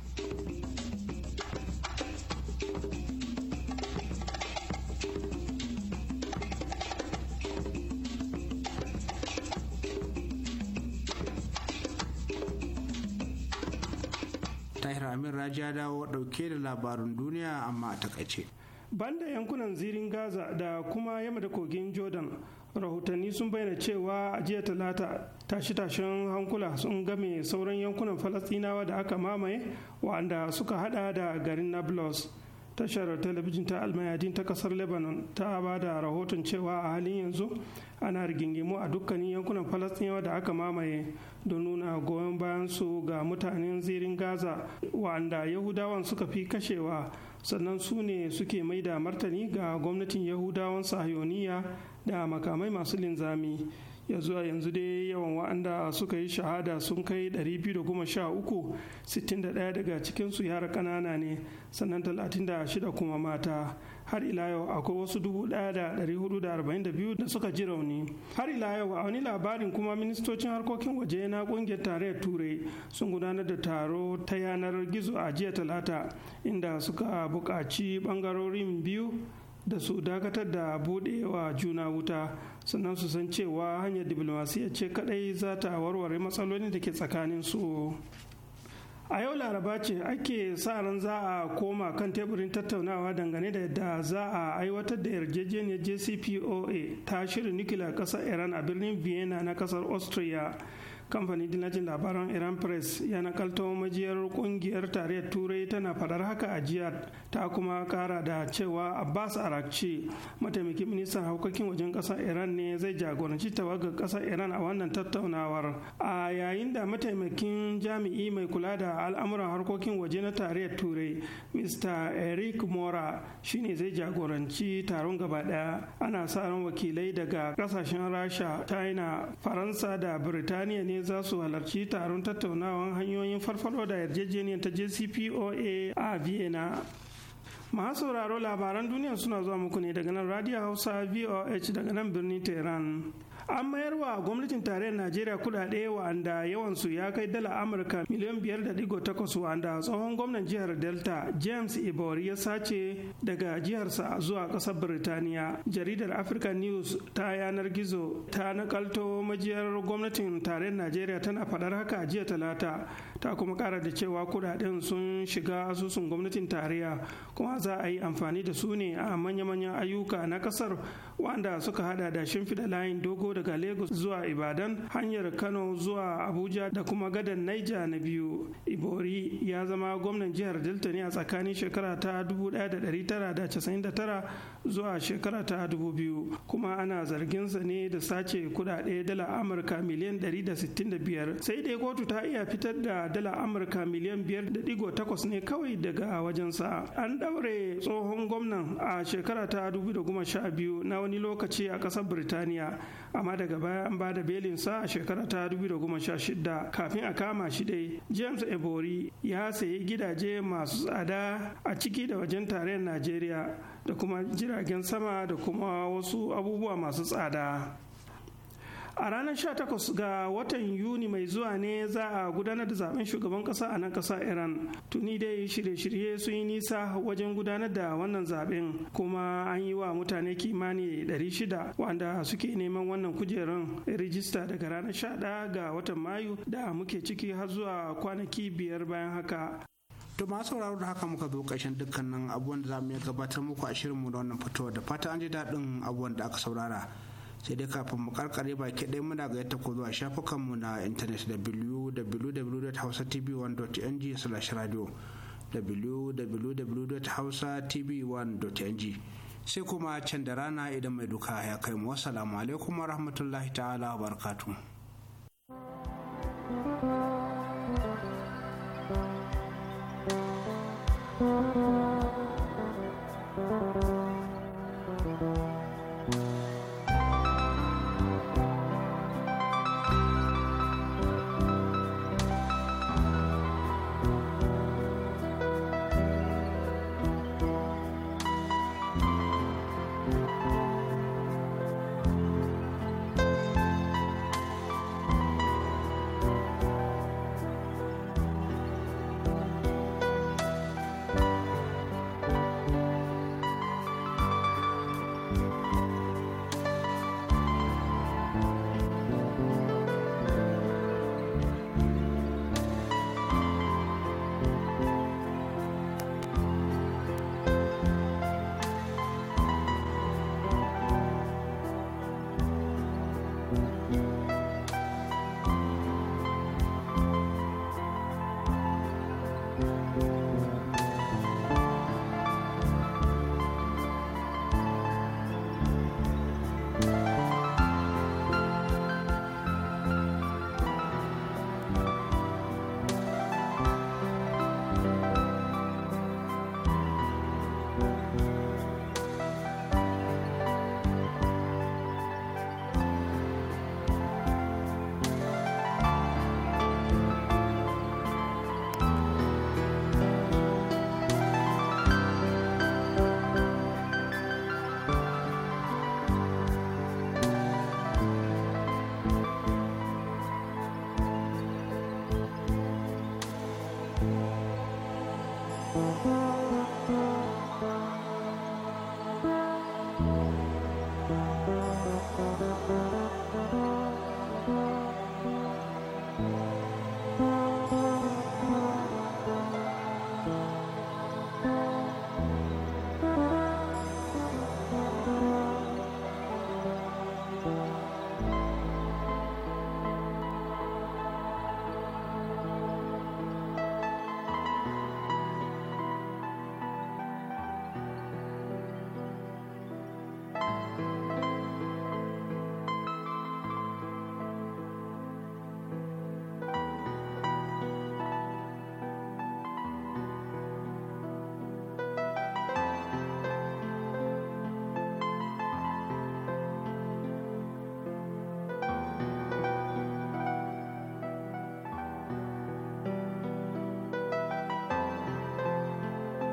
Siraji ya dawo dauke da labarin duniya amma a takaice. Banda yankunan zirin Gaza da kuma yamma da kogin Jordan rahotanni sun bayyana cewa a jiya talata tashi-tashen hankula sun game sauran yankunan Falasɗinawa da aka mamaye wa'anda suka hada da garin nablus tashar talabijin ta almayadin ta kasar lebanon ta ba da rahoton cewa a halin yanzu ana rigingimu a dukkanin yankunan falastiniyawa da aka mamaye don nuna goyon bayan su ga mutanen zirin gaza Wanda yahudawan suka fi kashewa sannan su ne suke mai da martani ga gwamnatin yahudawan sahiyoniya da makamai masu linzami ya zuwa yanzu dai yawan wa'anda suka yi shahada sun kai 213 61 daga cikinsu yara ƙanana ne sannan 36 kuma mata har ila yau akwai wasu 1442 da suka ji rauni har ila yau a wani labarin kuma ministocin harkokin waje na kungiyar tarayyar turai sun gudanar da taro ta yanar gizo a jiya talata inda suka buƙaci ɓangarorin biyu da su dakatar da buɗewa juna wuta sannan su san cewa hanyar diplomasiya ce kadai za ta warware matsaloli da ke tsakanin su a yau laraba ce ake sa ran za a koma kan teburin tattaunawa dangane da yadda za a aiwatar da yarjejeniyar jcpoa ta shirin nukila kasar iran a birnin vienna na kasar austria kamfanin dinajin labaran iran press ya nakalto majiyar kungiyar tarayyar turai tana fadar haka a jihar ta kuma kara da cewa abbas arakci mataimakin ministan haukakin wajen kasar iran ne zai jagoranci tawagar kasar iran a wannan tattaunawar a yayin da mataimakin jami'i mai kula da al'amuran harkokin waje na tarayyar turai mr eric mora shine zai jagoranci taron gaba daya ana sa ran wakilai daga kasashen rasha china faransa da Biritaniya ne za su halarci taron tattaunawan hanyoyin farfado da yarjejeniyar ta jcpoa a vienna masu sauraro labaran duniya suna zuwa muku ne daga nan radio hausa voh daga nan birnin tehran an mayar wa gwamnatin tarayyar najeriya kudade wa'anda yawansu ya kai dala amurka miliyan biyar da digo takwas wa'anda tsohon gwamnan jihar delta james ibor ya sace daga jiharsa zuwa kasar birtaniya jaridar african news ta yanar gizo ta nakalto majiyar gwamnatin tarayyar najeriya tana faɗar haka a jiya talata ta kuma kara da cewa kudaden sun shiga asusun gwamnatin tarayya kuma za a yi amfani da su ne a manya-manyan ayyuka na kasar wanda suka hada da shimfiɗa layin dogo daga lagos zuwa ibadan hanyar kano zuwa abuja da kuma gadan naija na biyu ibori ya zama gwamnan jihar delta ne a tsakanin shekara ta 1999 zuwa shekara ta 2000 kuma ana zarginsa ne da sace kudade dala amurka miliyan 165 sai dai kotu ta iya fitar da dala amurka miliyan biyar da digo takwas ne kawai daga wajensa an ɗaure tsohon gwamnan a shekara ta biyu na wani lokaci a ƙasar birtaniya amma daga baya an bada da belinsa a shekara ta shida kafin a kama shi dai james ebori ya sayi gidaje masu tsada a ciki da wajen tarayyar najeriya da kuma jiragen sama da kuma wasu abubuwa masu tsada a ranar 18 ga watan yuni mai zuwa ne za a gudanar da zaben shugaban kasa a nan kasa iran tuni dai shirye-shirye sun yi nisa wajen gudanar da wannan zaben kuma an yi wa mutane kimani 600 wanda suke neman wannan kujerun rijista daga ranar 11 ga watan mayu da muke ciki har zuwa kwanaki biyar bayan haka To ma sauraro da haka muka zo ƙarshen dukkanin abubuwan da za mu iya gabatar muku a shirinmu da wannan fito da fata an ji daɗin abubuwan da aka saurara. sai dai kafin mu karkare baki ɗaya muna ga yadda zuwa shafukanmu na intanet www.hausatv1.ng slash radio www.hausatv1.ng sai kuma can da rana idan mai duka ya kai mu wassalamu alaikum wa rahmatullahi ta'ala wa barkatu thank you